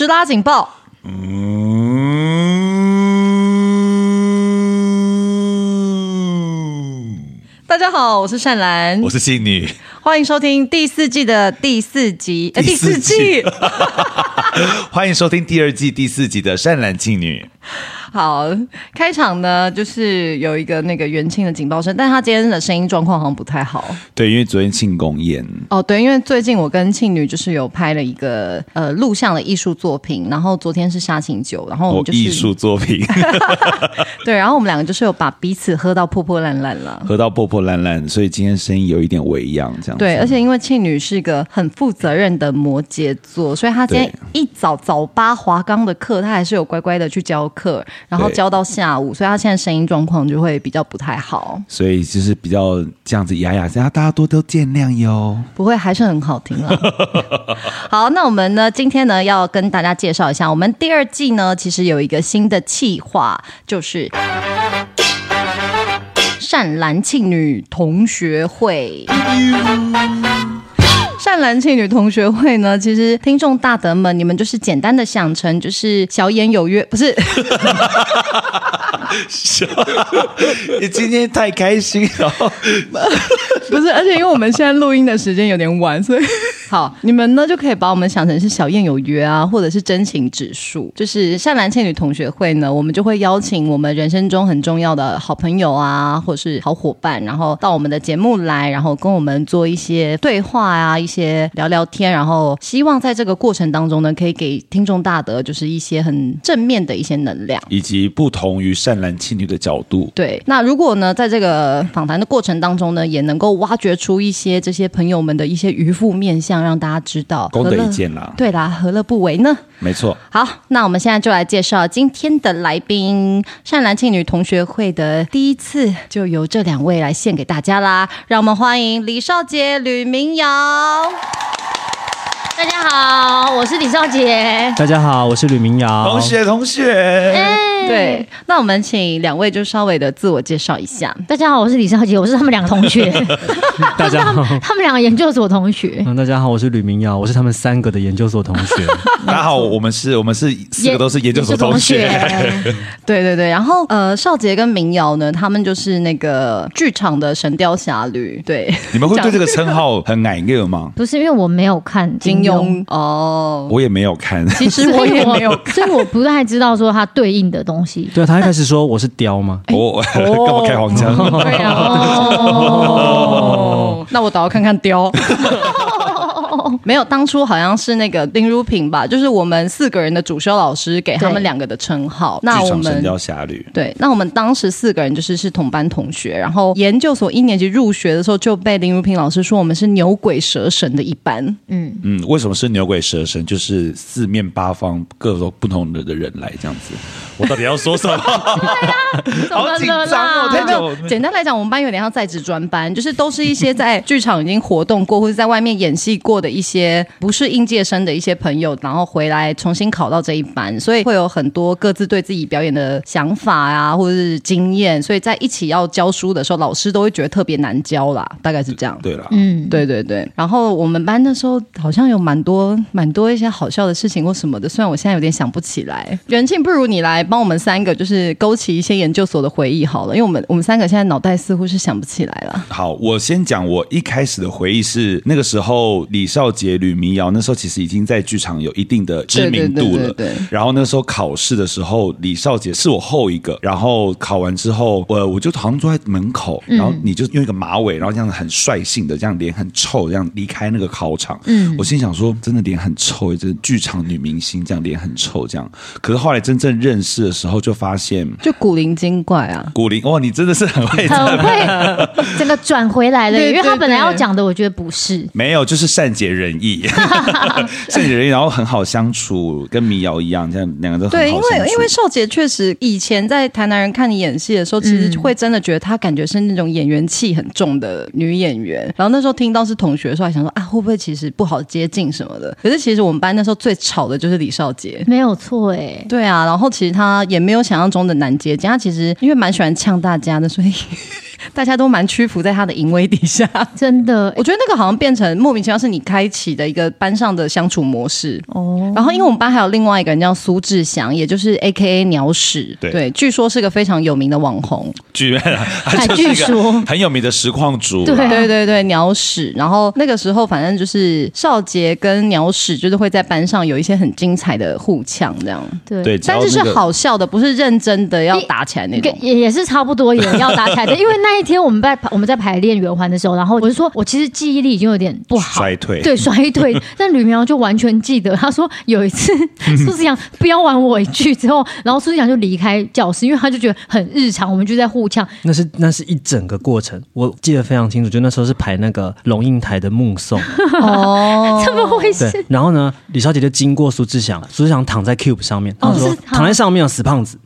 十拉警報！嗯，大家好，我是善蘭，我是慶女，歡迎收聽第四季的第四集。第四季，哎、第四季 歡迎收聽第二季第四集的善蘭慶女。好，開場呢，就是有一個那個元慶的警報聲，但是他今天的聲音狀況好像不太好。對，因為昨天慶功宴。哦，對，因為最近我跟慶女就是有拍了一個呃錄像的藝術作品，然後昨天是殺青酒，然後我就是藝術作品。 對，然後我們兩個就是有把彼此喝到破破爛爛了，喝到破破爛爛，所以今天聲音有一點微恙這樣子。對，而且因為慶女是個很負責任的摩羯座，所以他今天一早早八華岡的課，他還是有乖乖的去教。課，然後教到下午，所以他現在聲音狀況就會比較不太好。所以就是比較這樣子啞啞，雅雅，大家大家多多見諒喲。不會，還是很好聽了。 好，那我們呢，今天呢，要跟大家介紹一下，我們第二季呢，其實有一個新的企劃，就是善嵐慶女同學會。善嵐慶女同學會呢，其實聽眾大德們，你們就是簡單的想成就是小燕有約，不是？ 你今天太開心了 不是？而且因為我們現在錄音的時間有點晚，所以。 好，你們呢就可以把我們想成是小燕有約啊，或者是真情指數，就是善嵐慶女同學會呢，我們就會邀請我們人生中很重要的好朋友啊，或者是好伙伴，然後到我們的節目來，然後跟我們做一些對話啊，一些聊聊天，然後希望在這個過程當中呢，可以給聽眾大德就是一些很正面的一些能量，以及不同於善嵐慶女的角度。對，那如果呢，在這個訪談的過程當中呢，也能夠挖掘出一些這些朋友們的一些愚夫面相。讓大家知道功德一件啦、啊，對啦，何樂不為呢？沒錯。好，那我們現在就來介紹今天的來賓，善嵐慶女同學會的第一次，就由這兩位來獻給大家啦。讓我們歡迎李劭婕、呂名堯。大家好，我是李劭婕。大家好，我是呂名堯。同學，同學、欸。對，那我們請兩位就稍微的自我介紹一下。大家好，我是李劭婕，我是他們兩個同學。 嗯、大家好，好、就是，他們兩個研究所同學。嗯、大家好，我是呂名堯，我是他們三個的研究所同學。嗯、大家好， 好，我們是，我們是四個都是研究所同學。同學 對，對對對，然後呃，劭婕跟名堯呢，他們就是那個劇場的神雕俠侶。對，你們會對這個稱號很矮個嗎？ 不是，因為我沒有看金庸。哦，我也沒有看，其實我也沒有， 也沒有看，所以我不太知道說它對應的東西。 對啊，他一開始說我是鵰嗎、欸？哦，幹嘛開黃腔，哦哦啊哦哦哦哦。哦，那我倒要看看鵰。哦哦沒有，當初好像是那個林如萍吧，就是我們四個人的主修老師給他們兩個的稱號。那我們《神雕俠侶》對，那我們當時四個人就是是同班同學，然後研究所一年級入學的時候就被林如萍老師說我們是牛鬼蛇神的一班。嗯嗯，為什麼是牛鬼蛇神？就是四面八方各種不同的的人來這樣子。我到底要說什麼？ 對啊，怎麼啦，好緊張哦！太久了。簡單來講，我們班有點像在職專班，就是都是一些在劇場已經活動過 或者在外面演戲過的一些。些不是應屆生的一些朋友，然後回來重新考到這一班，所以會有很多各自對自己表演的想法啊，或者是經驗，所以在一起要教書的時候，老師都會覺得特別難教啦，大概是這樣。對，對啦。嗯，對對對。然後我們班那時候好像有蠻多蠻多一些好笑的事情或什麼的，雖然我現在有點想不起來。袁慶，不如你來幫我們三個，就是勾起一些研究所的回憶好了，因為我們我們三個現在腦袋似乎是想不起來了。好，我先講我一開始的回憶是那個時候李劭。姐，呂名堯那時候其實已經在劇場有一定的知名度了。對對對對對對然後那時候考試的時候，李劭婕是我後一個。然後考完之後，我我就好像坐在門口，嗯、然後你就用一個馬尾，然後這樣很率性的這樣臉很臭，這樣離開那個考場。嗯，我心想說，真的臉很臭、欸，一個劇場女明星這樣臉很臭，這樣。可是後來真正認識的時候，就發現就古靈精怪啊古，古靈哇，你真的是很會很會整個轉回來了，對對對因為他本來要講的，我覺得不是沒有，就是善解人。演繹，是女，然後很好相處，跟名堯一樣，這樣兩個都很好。對，因為因為劭婕確實以前在台南人看你演戲的時候，其實會真的覺得他感覺是那種演員氣很重的女演員，嗯。然後那時候聽到是同學的時候還想說，想說啊，會不會其實不好接近什麼的？可是其實我們班那時候最吵的就是李劭婕，沒有錯哎，欸，對啊。然後其實他也沒有想象中的難接近，他其實因為蠻喜歡嗆大家的，所以大家都蠻屈服在他的淫威底下。真的，我覺得那個好像變成莫名其妙是你開啟。起的一個班上的相處模式哦，oh. 然後因為我們班還有另外一個人叫蘇志祥，也就是 AKA 鳥屎，對，對，據說是個非常有名的網紅，據說很有名的實況主，對對對對，鳥屎。然後那個時候，反正就是劭婕跟鳥屎就是會在班上有一些很精彩的互嗆，這樣，對，但這是好笑的，不是認真的要打起來那種，也，也是差不多也要打起來的。因為那一天我們在我們在排練圓環的時候，然後我就說我其實記憶力已經有點不好，衰退，對。排隊， 但呂苗就完全記得。他說有一次，蘇志祥飆完我一句之後，然後蘇志祥就離開教室，因為他就覺得很日常。我們就在互嗆 ，那是那是一整個過程，我記得非常清楚。就那時候是排那個龍應台的《目送》，哦， 這麼回事。然後呢，李小姐就經過蘇志祥，蘇志祥躺在 Cube 上面、哦，他說躺在上面，死胖子。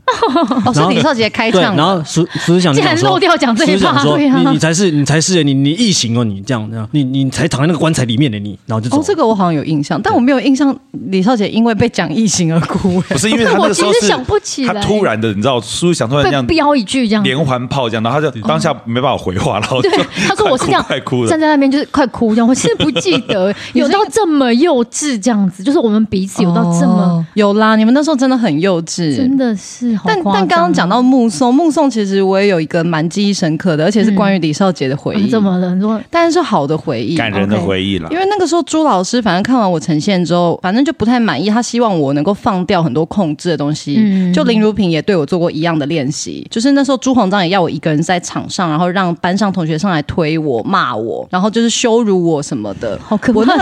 老師，李劭婕開唱，然後思思想，竟、哦、然，然漏掉講這一話、啊，你你才是你才是你你異形哦你這樣這樣你你才躺在那個棺材裡面的你，然後就走。哦，這個我好像有印象，但我沒有印象李劭婕因為被講異形而哭。不是因為他時候是我其實想不起來。他突然的，你知道，叔叔想突然這樣飆一句這樣，連環炮這樣，然後他就、哦、當下沒辦法回話了。對，他說我是這樣快哭了，站在那邊就是快哭這樣，我是不記得 有到這麼幼稚這樣子，就是我們彼此有到這麼、哦、有啦，你們那時候真的很幼稚，真的是。但好但剛剛講到目送，目送其實我也有一個蠻記憶深刻的，而且是關於李劭婕的回憶。怎麼了？但是，是好的回憶，感人的回憶了。因為那個時候朱老師，反正看完我呈現之後，反正就不太滿意。他希望我能夠放掉很多控制的東西。嗯嗯嗯，就林如萍也對我做過一樣的練習，就是那時候朱宏章也要我一個人在場上，然後讓班上同學上來推我、罵我，然後就是羞辱我什麼的。好可怕我，我根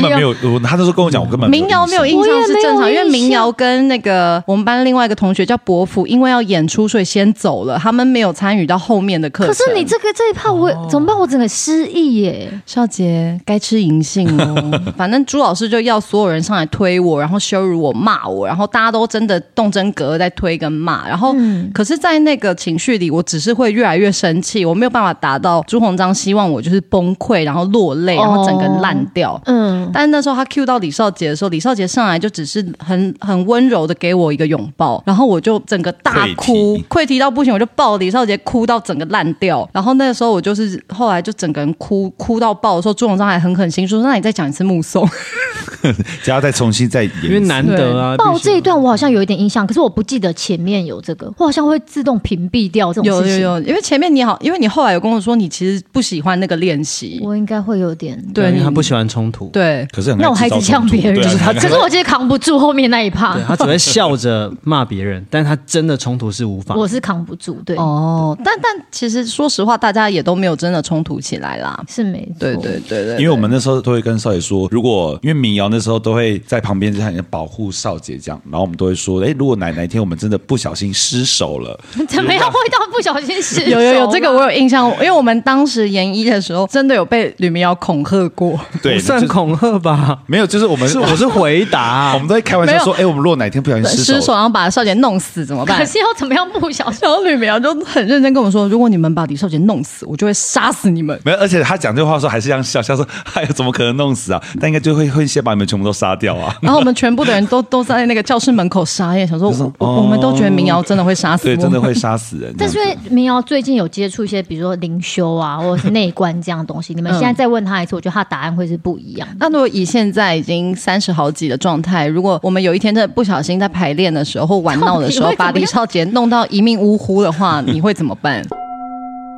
本沒有、啊，他那時候跟我講，我根本名堯沒有印象是正常，因為名堯跟那個我們班另外一個同學叫。伯父因為要演出，所以先走了。他們沒有參與到後面的課程。可是你這個這一趴，我、哦、怎麼辦？我整個失憶耶！劭婕該吃銀杏嘍、哦。 反正朱老師就要所有人上來推我，然後羞辱我、罵我，然後大家都真的動真格，在推跟罵。然後，嗯、可是在那個情緒裡，我只是會越來越生氣，我沒有辦法達到朱鴻章希望我就是崩潰，然後落淚，然後整個爛掉。哦、嗯。但是那時候他 Q 到李劭婕的時候，李劭婕上來就只是很很溫柔的給我一個擁抱，然後我就。就整個大哭，潰堤到不行，我就抱李劭婕哭到整個爛掉。然後那個時候我就是後來就整個人哭哭到爆的時候，朱永章還很狠，狠心疏說：“那你再講一次目送， 只要再重新再演，因為難得啊。”爆、啊、這一段我好像有一點印象，可是我不記得前面有這個，我好像會自動屏蔽掉這種事情。有有有，因為前面你好，因為你後來有跟我說你其實不喜歡那個練習，我應該會有點對，對你不喜歡衝突對。可是那我還是嗆別人，啊、 他可是我其實扛不住後面那一趴對，他只會笑着罵別人， 但。但他真的衝突是無法的，我是扛不住，對哦，但但其實說實話，大家也都沒有真的衝突起來啦，是沒錯對，對對對對，因為我們那時候都會跟劭婕說，如果因為名堯那時候都會在旁邊就像保護劭婕這樣，然後我們都會說，哎，如果哪哪一天我們真的不小心失手了，怎麼樣會到不小心失手了？ 有有有， 這個我有印象，因為我們當時研一的時候，真的有被呂名堯恐嚇過，對，就是、算恐嚇吧，沒有，就是我們是我，我是回答、啊， 我們都會開玩笑說，哎，我們如果哪天不小心失手，失然後把劭婕弄死。死怎麼辦？可是要怎麼樣？不小心，小呂苗就很認真跟我們說：“如果你們把李劭婕弄死，我就會殺死你們。”沒有，而且他講這句話的時候還是這樣笑笑說：“呀、哎、怎麼可能弄死啊？但應該就會會先把你們全部都殺掉啊！”然後我們全部的人都 都在那個教室門口傻眼，想說：“就是、說我我們都覺得名堯真的會殺死、哦，對，真的會殺死人。 ”但是因為名堯最近有接觸一些，比如說靈修啊或者是內觀這樣的東西， 你們現在再問他一次、嗯，我覺得他的答案會是不一樣。那如果以現在已經三十好幾的狀態，如果我們有一天真的不小心在排練的時候或玩鬧的時候，把李劭婕弄到一命嗚呼的話，你會怎麼辦？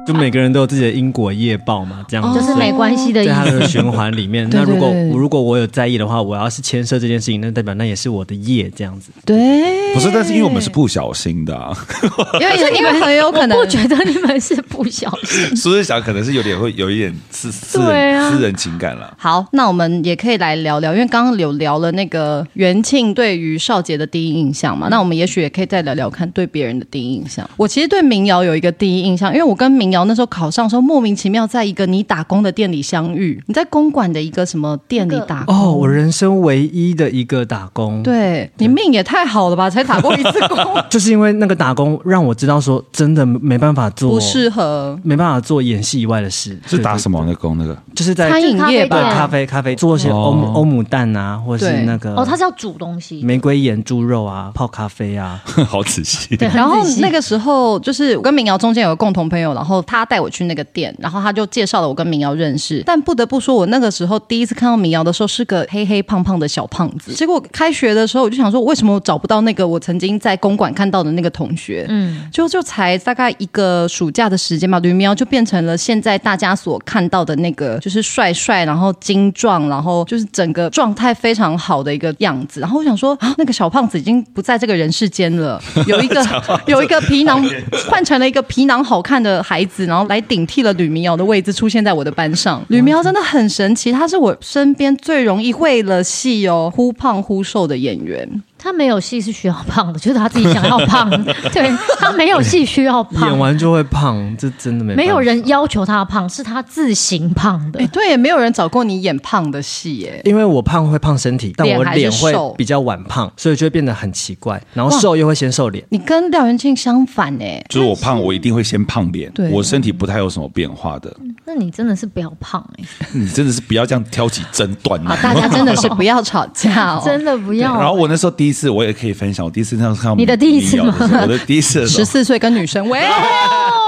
就每個人都有自己的因果業報嘛，這樣子、哦。就是沒關係的。在他的循環裡面， 對對對，那如果如果我有在意的話，我要是牽涉這件事情，那代表那也是我的業這樣子。對，不是，但是因為我們是不小心的、啊， 因為你們很有可能， 我不覺得你們是不小心，所以想可能是有點會有一點私私、啊、私人情感了、啊。好，那我們也可以來聊聊，因為剛剛有聊了那個元慶對於劭婕的第一印象嘛，那我們也許也可以再聊聊看對別人的第一印象。嗯、我其實對名堯有一個第一印象，因為我跟名。然後那時候考上的時候，莫名其妙在一個你打工的店裡相遇。你在公館的一個什麼店裡打工？哦，我人生唯一的一個打工。對，對你命也太好了吧，才打過一次工。 就是因為那個打工讓我知道說，真的沒辦法做，不適合，沒辦法做演戲以外的事。對對對，是打什麼那個工？那個就是在餐飲業吧，咖啡咖啡，做一些歐歐姆蛋啊，或是那個哦，他是要煮東西，玫瑰鹽豬肉啊，泡咖啡啊， 好仔細。對，然後那個時候就是我跟名堯中間有個共同朋友，然後。他帶我去那個店，然後他就介紹了我跟名堯認識。但不得不說，我那個時候第一次看到名堯的時候是個黑黑胖胖的小胖子。結果開學的時候，我就想說，為什麼我找不到那個我曾經在公館看到的那個同學？嗯，就就才大概一個暑假的時間嘛，呂名堯就變成了現在大家所看到的那個，就是帥帥，然後精壯，然後就是整個狀態非常好的一個樣子。然後我想說啊，那個小胖子已經不在這個人世間了，有一個 有一個皮囊換成了一個皮囊好看的孩子。然後來頂替了呂名堯的位置，出現在我的班上。呂名堯真的很神奇，他是我身邊最容易為了戲哦，忽胖忽瘦的演員。他沒有戲是需要胖的，就是他自己想要胖。 對他沒有戲需要胖，演完就會胖，這真的沒有。沒有人要求他胖，是他自行胖的。欸、對，也沒有人找過你演胖的戲，因為我胖會胖身體，但我臉會比較晚胖，所以就會變得很奇怪。然後瘦又會先瘦臉。你跟廖元慶相反、欸，哎，就是我胖，我一定會先胖臉。對，我身體不太有什麼變化的。啊、那你真的是不要胖、欸，哎，你真的是不要這樣挑起爭端、啊。大家真的是不要吵架， 真的不要。然後我那時候第一。我第一次我也可以分享，我第一次這樣看到你的第一次嗎？我的第一次，十四歲跟女生，喂。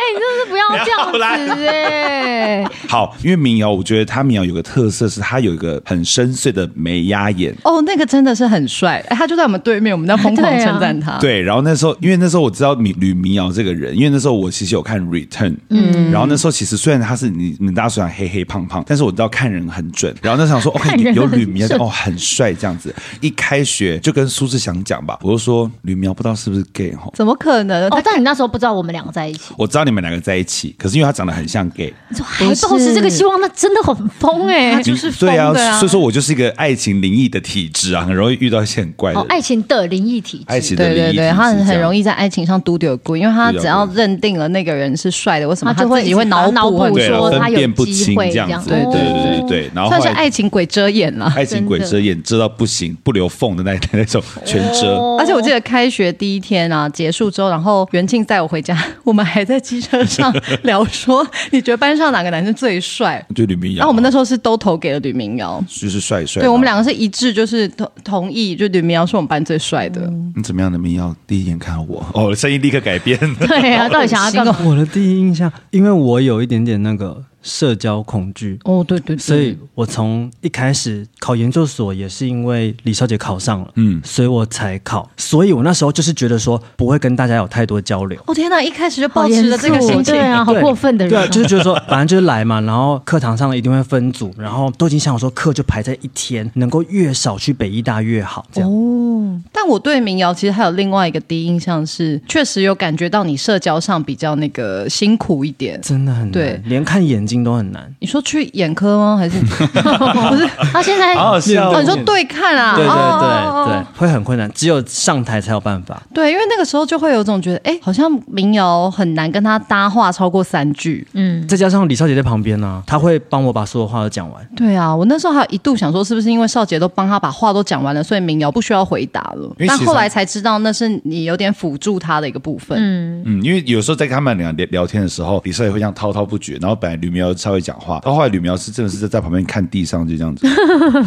哎、欸，是不是不要這樣子哎、欸！好， 好，因為名堯，我覺得他名堯有個特色是，他有一個很深邃的眉壓眼。哦、oh，那個真的是很帥、欸，他就在我們對面，我們在瘋狂稱讚他對、啊。對，然後那時候，因為那時候我知道呂呂名堯這個人，因為那時候我其實有看《Return》，嗯，然後那時候其實雖然他是你，你大家說他黑黑胖胖，但是我知道看人很準。然後那時候想說 ，OK，有呂名堯哦，很帥這樣子。一開學就跟蘇志祥講吧，我就說呂名堯不知道是不是 gay 哦，怎麼可能？哦他，但你那時候不知道我們兩個在一起。我知道你。他們兩個在一起，可是因為他長得很像 gay，還抱持這個希望，那真的很瘋。哎、欸，嗯、他就是瘋啊。對啊，所以說我就是一個愛情靈異的體質啊，很容易遇到一些很怪的。哦。愛情的靈異體質，愛情的靈異體質，他很，很容易在愛情上嘟丟鍋，因為他只要認定了那個人是帥的，為什麼他就會腦腦補說他有機會這樣子，對對對對，對，對，對。然後算是愛情鬼遮眼了，愛情鬼遮眼，遮到不行，不留縫的那那種全遮。哦。而且我記得開學第一天啊，結束之後，然後袁慶帶我回家，我們還在繼。車上聊說，你覺得班上哪個男生最帥？ 就呂名堯。啊。然後我們那時候是都投給了呂名堯，就是帥帥。對我們兩個是一致，就是同同意，就呂名堯是我們班最帥的。嗯。你怎麼樣？呂名堯第一眼看我，哦，聲音立刻改變。對呀，啊，到底想要幹嘛？我的第一印象，因為我有一點點那個。社交恐懼哦，對,對對，所以我從一開始考研究所也是因為李小姐考上了，嗯，所以我才考，所以我那時候就是覺得說不會跟大家有太多交流。哦天哪，一開始就抱持了這個心情，啊，好過分的人、啊，對，就是覺得說反正就是來嘛，然後課堂上一定會分組，然後都已經想說課就排在一天，能夠越少去北藝大越好這樣。哦，但我對名堯其實還有另外一個第一印象是，確實有感覺到你社交上比較那個辛苦一點，真的很對，連看眼。都很難。你說去眼科嗎？還是 不是？他、哦、現在哦，你說對看啊？對對對、對、對，哦哦哦哦對，會很困難。只有上台才有辦法。對，因為那個時候就會有種覺得，哎、欸，好像名堯很難跟他搭話超過三句。嗯，再加上李劭婕在旁邊呢、啊，他會幫我把所有話都講完、嗯。對啊，我那時候還有一度想說，是不是因為劭婕都幫他把話都講完了，所以名堯不需要回答了？但後來才知道，那是你有點輔助他的一個部分。嗯嗯，因為有時候在他們倆聊聊天的時候，李劭婕也會這樣滔滔不絕，然後本來女明。苗超會講話，然後後來呂苗是真的是在在旁邊看地上就這樣子，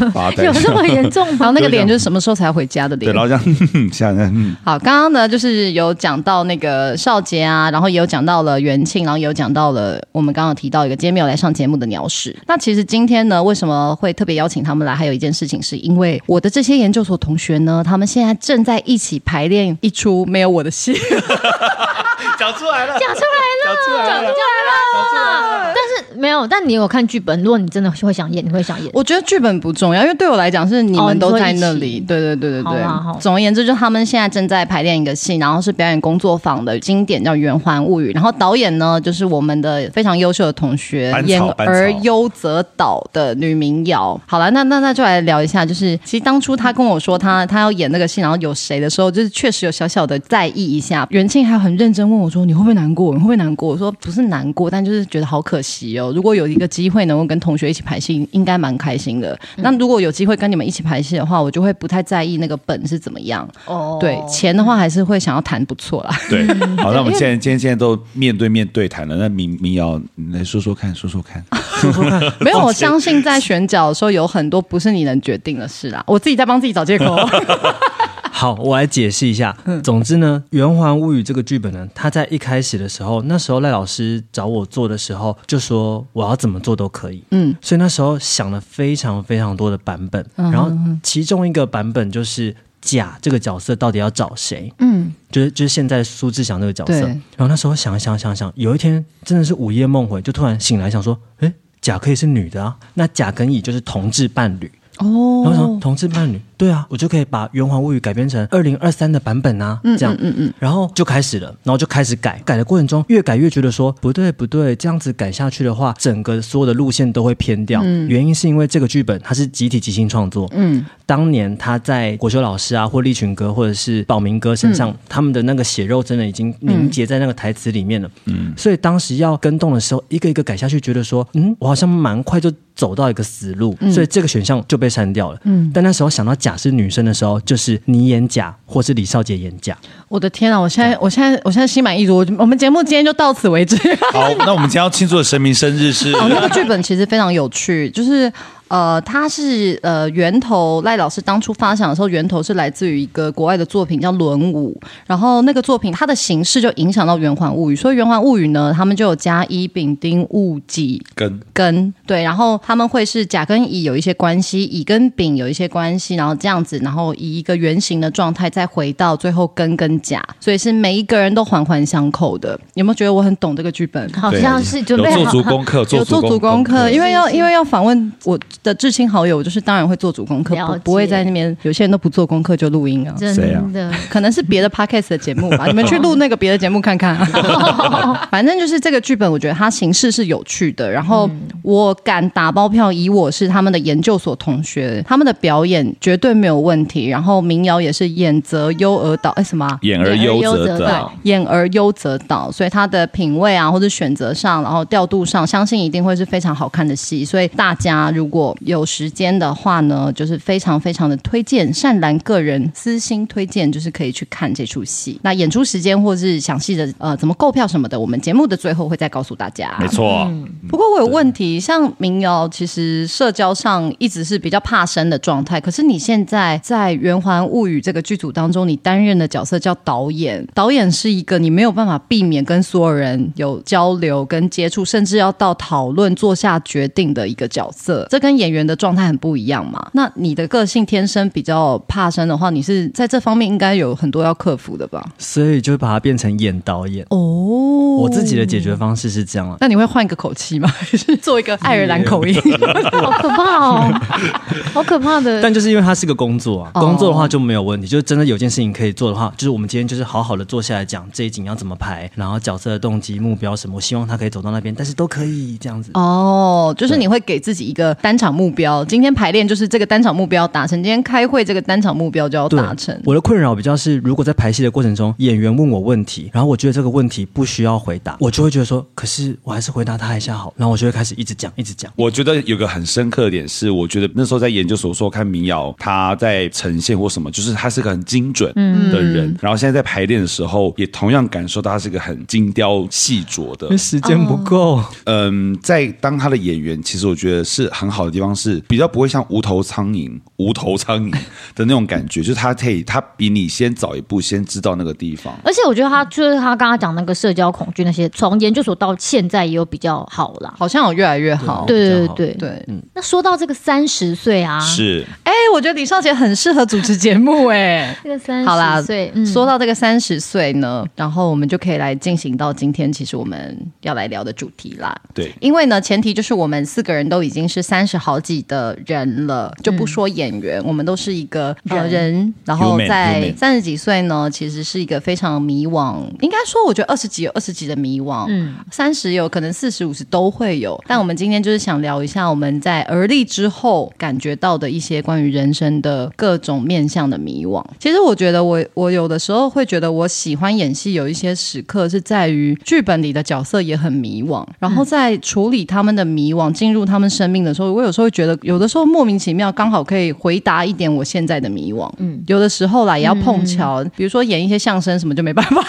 有這麼嚴重嗎？然後那個臉就是什麼時候才回家的臉？對，然後這樣，現、嗯、在、嗯、好，剛剛呢就是有講到那個劭婕啊，然後也有講到了元慶，然後也有講到了我們剛剛提到一個今天沒有來上節目的鳥屎。那其實今天呢為什麼會特別邀請他們來？還有一件事情是因為我的這些研究所同學呢，他們現在正在一起排練一出沒有我的戲，講 出來了，講出來了，講出、出、出、出、出、出、出、出、出來了，但是。沒有，但你有看劇本。如果你真的會想演，你會想演。我覺得劇本不重要，因為對我來講是你們都在那裡。哦、對對對對對。總而言之，就他們現在正在排練一個戲，然後是表演工作坊的經典叫《圓環物語》。然後導演呢，就是我們的非常優秀的同學——演而班草優則導的呂名堯。好了，那那那就來聊一下，就是其實當初他跟我說他他要演那個戲，然後有誰的時候，就是確實有小小的在意一下。元慶還很認真問我說：“你會不會難過？你會不會難過？”我說：“不是難過，但就是覺得好可惜哦。”如果有一個機會能夠跟同學一起拍戲，應該蠻開心的、嗯。那如果有機會跟你們一起拍戲的話，我就會不太在意那個本是怎麼樣。哦，對，錢的話還是會想要談不錯啦。對，好，那我們現在今天現在都面對面對談了。那名、名堯，來說說看，說說看。啊、 沒有，我相信在選角的時候有很多不是你能決定的事啦。我自己在幫自己找借口。 好，我來解釋一下、嗯。總之呢，《圓環物語》這個劇本呢，它在一開始的時候，那時候賴老師找我做的時候，就說我要怎麼做都可以。嗯，所以那時候想了非常非常多的版本。嗯、哼哼然後其中一個版本就是甲這個角色到底要找誰？嗯，就是就是現在蘇志祥這個角色。然後那時候想想想想，有一天真的是午夜夢回，就突然醒來想說，誒、欸，甲可以是女的啊？那甲跟乙就是同志伴侶。哦，然後說同志伴侶。對啊，我就可以把《圓環物語》改編成二零二三的版本啊，這樣，嗯嗯，嗯，嗯，然後就開始了，然後就開始改，改的過程中越改越覺得說不對不對，這樣子改下去的話，整個所有的路線都會偏掉。嗯，原因是因為這個劇本它是集體即興創作，嗯，當年他在國修老師啊，或立群哥，或者是寶明哥身上，嗯，他們的那個血肉真的已經凝結在那個台詞裡面了，嗯，所以當時要跟動的時候，一個一個改下去，覺得說，嗯，我好像蠻快就走到一個死路，嗯，所以這個選項就被刪掉了。嗯，但那時候想到講。是女生的時候，就是你演假，或是李劭婕演假。我的天啊！我現在，我現在，我現在心滿意足。我我們節目今天就到此為止。 好，那我們今天要慶祝的神明生日是。 那個劇本其實非常有趣，就是。呃，它是呃源頭賴老師當初發想的時候，源頭是來自於一個國外的作品叫《輪舞》，然後那個作品它的形式就影響到圓環物語。所以圓環物語呢，他們就有甲乙丙丁戊己庚、庚，對，然後他們會是甲跟乙有一些關係，乙跟丙有一些關係，然後這樣子，然後以一個圓形的狀態再回到最後庚跟，跟甲，所以是每一個人都環環相扣的。有沒有覺得我很懂這個劇本？好像是準備有做足功課，做足功課，因為要是是因為要訪問我。的至親好友，就是當然會做主功課不，不會在那邊。有些人都不做功課就錄音啊，真的，可能是別的 Podcast 的節目吧。 你們去錄那個別的節目看看啊。 反正就是這個劇本，我覺得它形式是有趣的。然後我敢打包票，以我是他們的研究所同學，他們的表演絕對沒有問題。然後名堯也是演則優而導，哎，什麼？演而優則導，演而優則導。所以他的品味啊，或者選擇上，然後調度上，相信一定會是非常好看的戲。所以大家如果有時間的話呢，就是非常非常的推薦，善嵐個人私心推薦，就是可以去看這出戲。那演出時間或是詳細的呃怎麼購票什麼的，我們節目的最後會再告訴大家。沒錯、啊。 不過我有問題，像名堯其實社交上一直是比較怕生的狀態，可是你現在在《圓環物語》這個劇組當中，你擔任的角色叫導演，導演是一個你沒有辦法避免跟所有人有交流跟接觸，甚至要到討論、做下決定的一個角色，這跟演演員的狀態很不一樣嘛？那你的個性天生比較怕生的話，你是在這方面應該有很多要克服的吧？所以就會把它變成演導演哦、oh。我自己的解決方式是這樣、啊、那你會換一個口氣嗎？還是做一個愛爾蘭口音？Yeah. 好可怕哦、喔， 好可怕的。但就是因為他是個工作、啊，工作的話就沒有問題。Oh、就是真的有件事情可以做的話，就是我們今天就是好好的坐下來講這一景要怎麼拍，然後角色的動機、目標什麼，我希望他可以走到那邊，但是都可以這樣子。哦、oh，就是你會給自己一個單場。目標今天排練就是這個單場目標要達成，今天開會這個單場目標就要達成。我的困擾比較是，如果在排戲的過程中，演員問我問題，然後我覺得這個問題不需要回答，我就會覺得說，可是我還是回答他一下好，然後我就會開始一直講，一直講。我覺得有個很深刻的點是，我覺得那時候在研究所說看名堯，他在呈現或什麼，就是他是個很精準的人。嗯，然後現在在排練的時候，也同樣感受到他是個很精雕細細琢的。時間不夠，嗯，在當他的演員，其實我覺得是很好的地方。方式比較不會像無頭蒼蠅、無頭蒼蠅的那種感覺， 就是他可以，他比你先早一步，先知道那個地方。而且我覺得他就是他剛剛講那個社交恐懼那些，從研究所到現在也有比較好啦，好像有越來越好。對對對對，嗯。那說到這個三十歲啊，是哎、欸，我覺得李劭婕很適合主持節目、欸，哎， 這個三十歲。好啦，所以說到這個三十歲呢，然後我們就可以來進行到今天，其實我們要來聊的主題啦。對，因為呢，前提就是我們四個人都已經是三十。好幾的人了，就不說演員，嗯、我們都是一個人、人，然後在三十幾歲呢，其實是一個非常迷惘。應該說，我覺得二十幾有二十幾的迷惘，嗯，三十有可能四十五十都會有、嗯。但我們今天就是想聊一下我們在而立之後感覺到的一些關於人生的各種面向的迷惘。其實我覺得我，我我有的時候會覺得，我喜歡演戲，有一些時刻是在於劇本裡的角色也很迷惘，然後在處理他們的迷惘進入他們生命的時候，嗯、我有、我有。說會覺得有的時候莫名其妙，剛好可以回答一點我現在的迷惘。嗯，有的時候啦，也要碰巧，嗯嗯，比如說演一些相聲什麼就沒辦法。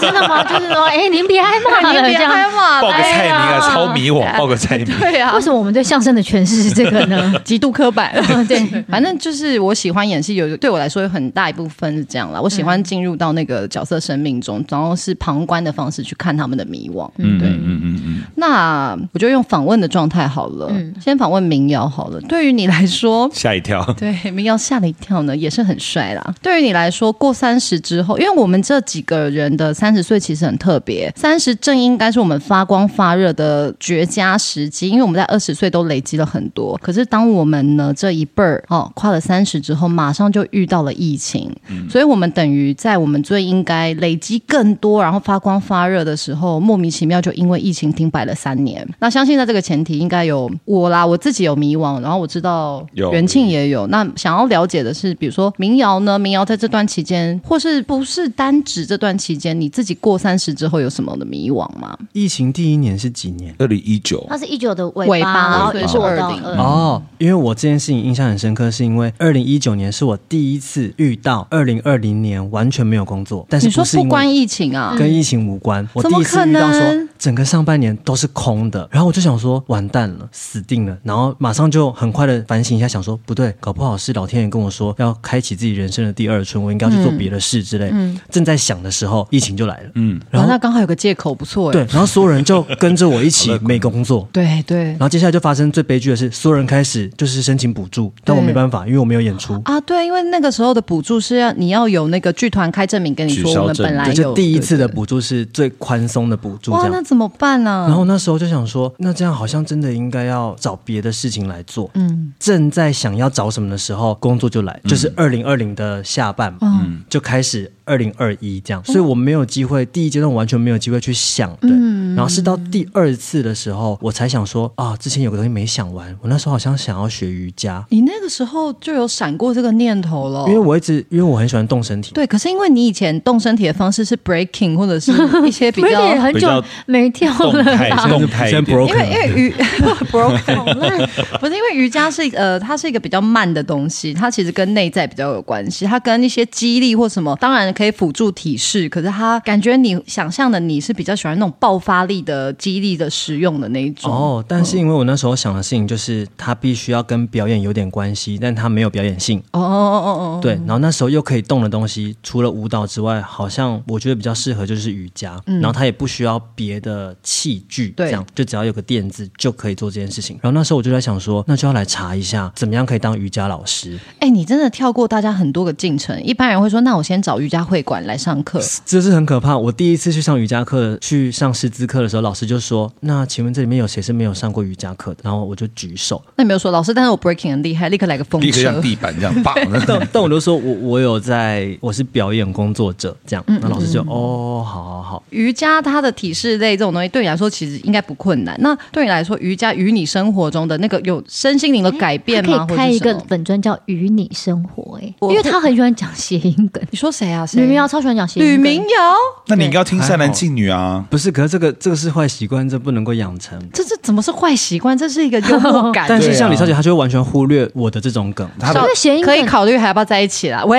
真的嗎？就是說，哎、欸，您別挨罵您別挨罵，報個菜名啊，欸、啊超迷惘，報個菜名，啊。對啊。為什麼我們對相聲的詮釋是這個呢？極度刻板。嗯、 對，對，反正就是我喜歡演戲，有對我來說有很大一部分是這樣啦，我喜歡進入到那個角色生命中，然後是旁觀的方式去看他們的迷惘。嗯，對，嗯嗯，嗯。嗯嗯、那我就用訪問的狀態好了，嗯、先訪問名。聊好了，對於你來說嚇一跳，對名堯嚇了一跳呢，也是很帥啦。對於你來說，過三十之後，因為我們這幾個人的三十歲其實很特別，三十正應該是我們發光發熱的絕佳時機。因為我們在二十歲都累積了很多，可是當我們呢這一輩兒哦跨了三十之後，馬上就遇到了疫情、嗯，所以我們等於在我們最應該累積更多，然後發光發熱的時候，莫名其妙就因為疫情停擺了三年。那相信在這個前提，應該有我啦，我自己有。迷惘，然後我知道元慶也有，有。那想要了解的是，比如說名堯呢？名堯在這段期間，或是不是單指這段期間？你自己過三十之後有什麼的迷惘嗎？疫情第一年是幾年？二零一九，它是一九的尾巴，尾，巴尾巴，所以是二零二。哦，因為我這件事情印象很深刻，是因為二零一九年是我第一次遇到二零二零年完全沒有工作，但是，是你說不關疫情啊，跟疫情無關。嗯、我第一次遇到說。整個上半年都是空的，然後我就想說，完蛋了，死定了。然後馬上就很快的反省一下，想說不對，搞不好是老天爺跟我說要開啟自己人生的第二春，我應該要去做別的事之類。嗯嗯，正在想的時候，疫情就來了。嗯，然後那剛好有個借口，不錯。對，然後所有人就跟着我一起 沒工作。對對。然後接下來就發生最悲劇的是，所有人開始就是申請補助，但我沒辦法，因為我沒有演出。啊，對，因為那個時候的補助是要你要有那個劇團開證明跟你說，我們本來就第一次的補助是最寬鬆的補助這樣。樣子。怎麼辦呢，啊？然後那時候就想說，那這樣好像真的應該要找別的事情來做。嗯，正在想要找什麼的時候，工作就來，就是二零二零的下半，嗯，就開始。二零二一這樣、哦，所以我沒有機會。第一階段完全沒有機會去想的、嗯，然後是到第二次的時候，我才想說啊，之前有個東西沒想完。我那時候好像想要學瑜伽，你那個時候就有閃過這個念頭了。因為我一直因為我很喜歡動身體，對。可是因為你以前動身體的方式是 breaking 或者是一些比較 很久較動沒跳了，因為因為瑜 broken 不是因為瑜伽是呃，它是一個比較慢的東西，它其實跟內在比較有關係，它跟一些肌力或什麼，當然。可以輔助體式，可是他感覺你想象的你是比較喜歡那種爆發力的、激勵的、使用的那一種哦。Oh, 但是因為我那時候想的事情就是，他必須要跟表演有點關係，但他沒有表演性哦哦哦哦哦。Oh, oh, oh, oh, oh. 對，然後那時候又可以動的東西，除了舞蹈之外，好像我覺得比較適合就是瑜伽。嗯，然後他也不需要別的器具，對，這樣就只要有個墊子就可以做這件事情。然後那時候我就在想說，那就要來查一下怎麼樣可以當瑜伽老師。哎、欸，你真的跳過大家很多個進程。一般人會說，那我先找瑜伽會館來上課，這是很可怕。我第一次去上瑜伽課、去上師資課的時候，老師就說：“那請問這裡面有誰是沒有上過瑜伽課的？”然後我就舉手。那你沒有說老師，但是我 breaking 很厲害，立刻來個風車，立刻像地板這樣棒。 但但我就說我我有在，我是表演工作者這樣。嗯嗯老師就哦，好好好。瑜伽它的體式類這種東西對你來說其實應該不困難。那對你來說，瑜伽與你生活中的那個有身心靈的改變嗎？欸、可以開一個粉專叫“與你生活、欸”，哎，因為他很喜歡講諧音梗。你說誰啊？呂名堯超喜歡講諧音，呂名堯。那你應該要聽《善男信女》啊？不是，可是這個這個是壞習慣，這個、不能夠養成。這這怎麼是壞習慣？這是一個幽默感。但是像李劭婕、 啊，她就完全忽略我的這種梗。所以諧音可以考慮還要不要在一起啦？喂，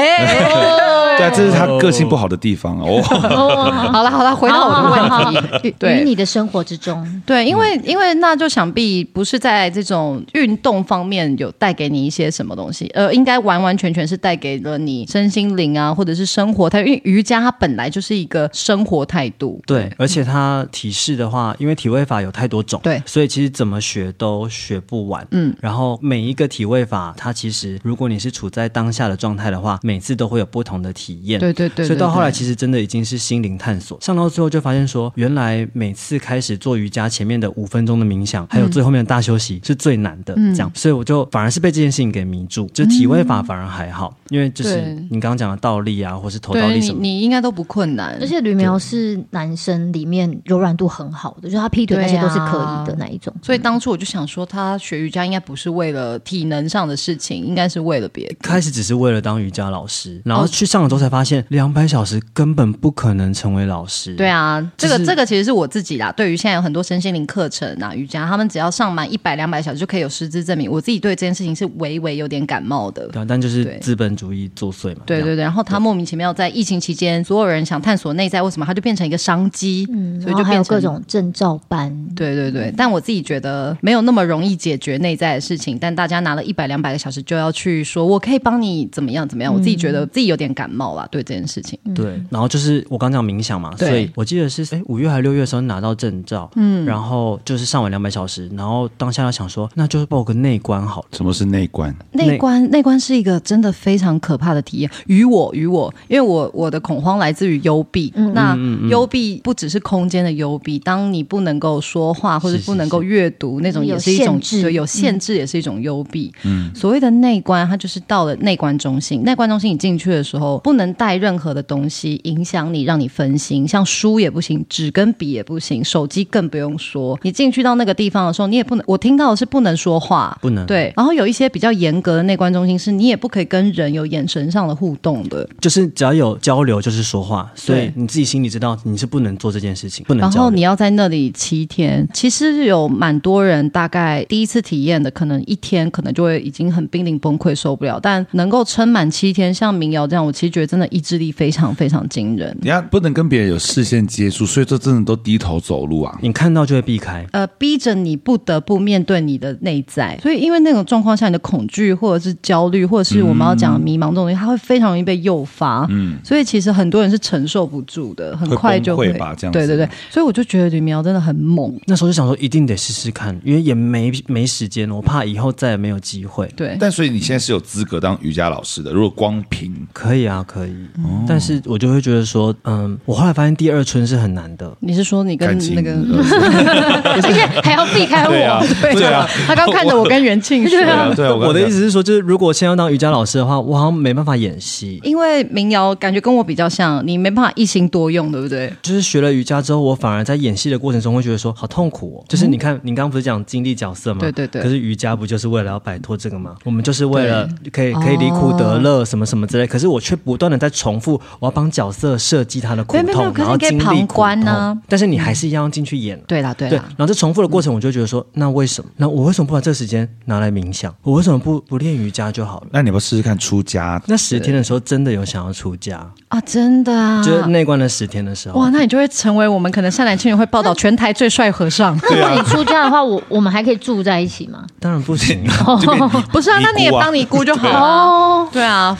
對，啊，這是她個性不好的地方哦,哦,哦。好了好了，回到我的問題。與你的生活之中。對，因為因為那就想必不是在這種運動方面有帶給你一些什麼東西，呃，應該完完全全是帶給了你身心靈啊，或者是生活。因為瑜伽它本來就是一個生活態度，對，對而且它體式的話，因為體位法有太多種，對，所以其實怎麼學都學不完，嗯。然後每一個體位法，它其實如果你是處在當下的狀態的話，每次都會有不同的體驗，對對對,對,對,對。所以到後來，其實真的已經是心靈探索。上到最後就發現說，原來每次開始做瑜伽前面的五分鐘的冥想，還有最後面的大休息、嗯、是最難的，這樣、嗯。所以我就反而是被這件事情給迷住，就體位法反而還好、嗯，因為就是你剛剛講的倒立啊，或是頭。對，你你應該都不困難，而且呂名堯是男生裡面柔軟度很好的，就他劈腿那些都是可以的、啊、那一種。所以當初我就想說，他學瑜伽應該不是為了體能上的事情，應該是為了別的。開始只是為了當瑜伽老師，然後去上了之後才發現，兩百小時根本不可能成為老師。哦就是、對啊，這個這個其實是我自己啦。對於現在有很多身心靈課程啊，瑜伽，他們只要上滿一百兩百小時就可以有師資證明。我自己對這件事情是微微有點感冒的。對、啊，但就是資本主義作祟嘛對。對對對，然後他莫名其妙要在。在疫情期間，所有人想探索內在，為什麼它就變成一個商機？嗯，所以就變成各種證照班。對對對，但我自己覺得沒有那麼容易解決內在的事情。但大家拿了一百兩百個小時，就要去說我可以幫你怎麼樣怎麼樣，嗯。我自己覺得自己有點感冒了。對這件事情，對。然後就是我剛才講冥想嘛，所以我記得是哎五月還是六月的時候拿到證照，嗯，然後就是上完兩百小時，然後當下要想說，那就是報個內觀好。什麼是內觀？內觀內觀是一個真的非常可怕的體驗。與我與我，因為我。我我的恐慌來自於幽閉，那幽閉不只是空間的幽閉，當你不能夠說話或者不能夠閱讀，是是是，那種也是一種對有限制，限制也是一種幽閉，嗯。所謂的內觀，它就是到了內觀中心，內觀中心你進去的時候不能帶任何的東西影響你、讓你分心，像書也不行，紙跟筆也不行，手機更不用說。你進去到那個地方的時候，你也不能，我聽到的是不能說話，不能。對，然後有一些比較嚴格的內觀中心，是你也不可以跟人有眼神上的互動的，就是只要有。有交流就是說話，所以你自己心裡知道你是不能做這件事情，不能。然後你要在那裡七天，其實有蠻多人大概第一次體驗的，可能一天可能就會已經很瀕臨崩潰，受不了。但能夠撐滿七天，像名堯這樣，我其實覺得真的意志力非常非常驚人。你要不能跟別人有視線接觸，所以這真的都低頭走路啊，你看到就會避開。呃，逼着你不得不面對你的內在，所以因為那種狀況下，你的恐懼或者是焦慮，或者是我們要講的迷茫這種東西、嗯，它會非常容易被誘發。嗯。所以其實很多人是承受不住的，很快就會，會這樣。對對對，所以我就覺得名堯真的很猛。那時候就想說一定得試試看，因為也沒沒時間，我怕以後再也沒有機會。對。但所以你現在是有資格當瑜伽老師的，如果光憑可以啊，可以、嗯。但是我就會覺得說，嗯，我後來發現第二春是很難的。你是說你跟那個， 不是 還要避開我？對啊。對啊對啊他剛，剛看着我跟袁慶啊。對，啊對，啊對啊我剛剛，我的意思是說，就是如果先要當瑜伽老師的話，我好像沒辦法演戲，因為名堯。感覺跟我比較像，你沒辦法一心多用，對不對？就是學了瑜伽之後，我反而在演戲的過程中會覺得說好痛苦哦。嗯。就是你看，你剛剛不是講經歷角色嗎？對對對。可是瑜伽不就是為了要擺脫這個嗎？我們就是為了可以可以，可以離苦得樂，什麼什麼之類。哦。可是我卻不斷的在重複，我要幫角色設計他的苦痛，沒沒沒有可可以啊，然後經旁觀呢。但是你還是一樣進去演。啊。對啦對啦。然後這重複的過程，我就覺得說，嗯，那為什麼？那我為什麼不把這個時間拿來冥想？我為什麼不不練瑜伽就好了？那你不試試看出家？那十天的時候，真的有想要出家。家啊，真的啊，就是內觀的十天的時候、啊，哇，那你就會成為我們可能善男信女會報道全台最帥和尚。嗯啊、 如果你出家的話，我我們還可以住在一起嗎？當然不行了， 邊你 不是啊，那你也當尼姑就好啊, 對啊，對啊。